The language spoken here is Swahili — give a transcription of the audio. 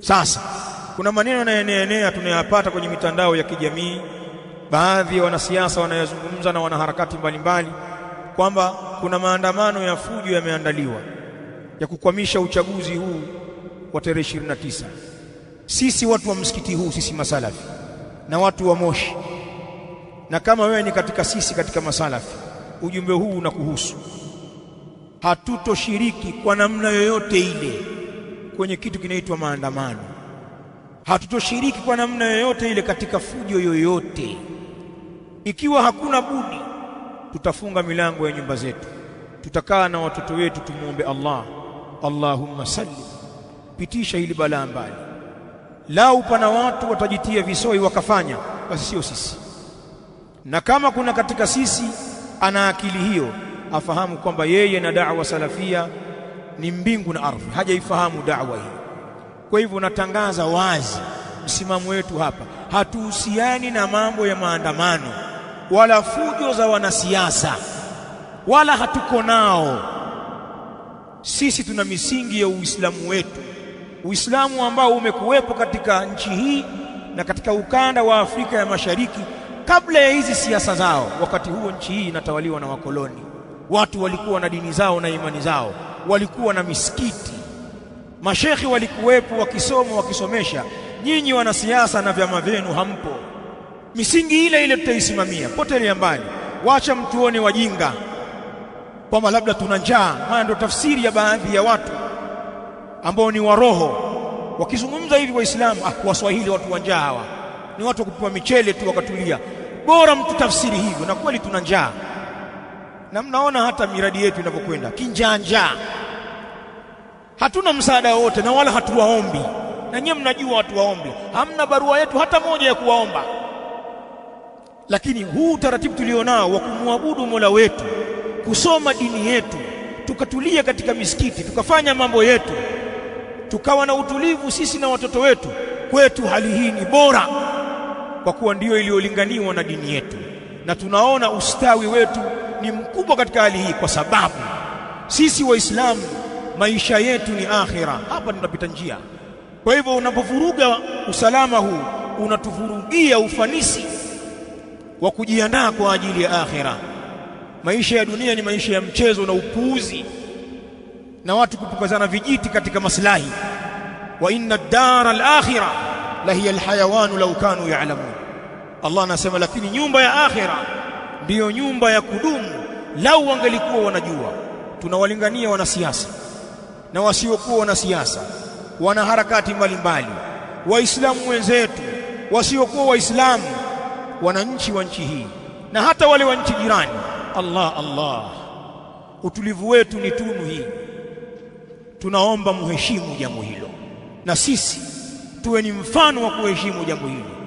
Sasa kuna maneno yanayoenea tunayapata kwenye mitandao ya kijamii, baadhi ya wanasiasa wanayozungumza na wanaharakati mbalimbali kwamba kuna maandamano ya fujo yameandaliwa ya kukwamisha uchaguzi huu wa tarehe 29. Sisi watu wa msikiti huu, sisi masalafi na watu wa Moshi, na kama wewe ni katika sisi katika masalafi, ujumbe huu unakuhusu. Hatutoshiriki kwa namna yoyote ile kwenye kitu kinaitwa maandamano. Hatutoshiriki kwa namna yoyote ile katika fujo yoyote. Ikiwa hakuna budi, tutafunga milango ya nyumba zetu, tutakaa na watoto wetu, tumwombe Allah, Allahumma salli, pitisha hili balaa mbali. Lau pana watu watajitia visoi wakafanya, basi sio sisi. Na kama kuna katika sisi ana akili hiyo, afahamu kwamba yeye na da'wa salafia ni mbingu na ardhi, hajaifahamu dawa hii. Kwa hivyo natangaza wazi msimamo wetu hapa, hatuhusiani na mambo ya maandamano wala fujo za wanasiasa, wala hatuko nao. Sisi tuna misingi ya Uislamu wetu, Uislamu ambao umekuwepo katika nchi hii na katika ukanda wa Afrika ya Mashariki kabla ya hizi siasa zao. Wakati huo nchi hii inatawaliwa na wakoloni, watu walikuwa na dini zao na imani zao walikuwa na misikiti, mashekhi walikuwepo wakisoma, wakisomesha. Nyinyi wanasiasa na vyama vyenu hampo. Misingi ile ile tutaisimamia, potelea mbali, wacha mtuone wajinga kwamba labda tuna njaa. Maana ndio tafsiri ya baadhi ya watu ambao ni waroho, wakizungumza hivi Waislamu, ah, Waswahili watu wa njaa hawa, ni watu wa kupewa michele tu wakatulia. Bora mtu tafsiri hivyo, na kweli tuna njaa na mnaona hata miradi yetu inavyokwenda kinjanja. Hatuna msaada wowote na wala hatuwaombi, na nyiye mnajua hatuwaombi, hamna barua yetu hata moja ya kuwaomba. Lakini huu utaratibu tulionao wa kumwabudu Mola wetu, kusoma dini yetu, tukatulia katika misikiti, tukafanya mambo yetu, tukawa na utulivu sisi na watoto wetu, kwetu hali hii ni bora, kwa kuwa ndiyo iliyolinganiwa na dini yetu, na tunaona ustawi wetu ni mkubwa katika hali hii, kwa sababu sisi Waislamu maisha yetu ni akhira, hapa tunapita njia. Kwa hivyo unapovuruga usalama huu, unatuvurugia ufanisi wa kujiandaa kwa ajili ya akhira. Maisha ya dunia ni maisha ya mchezo na upuuzi na watu kupukazana vijiti katika maslahi. wa inna dara al la hiya al-hayawanu law kanu ya'lamun. Allah anasema, lakini nyumba ya akhira ndiyo nyumba ya kudumu. Lau wangelikuwa wanajua. Tunawalingania wanasiasa na wasiokuwa wanasiasa, wanaharakati mbalimbali, Waislamu wenzetu, wasiokuwa Waislamu, wananchi wa nchi hii na hata wale wa nchi jirani. Allah, Allah, utulivu wetu ni tunu hii. Tunaomba muheshimu jambo hilo, na sisi tuwe ni mfano wa kuheshimu jambo hilo.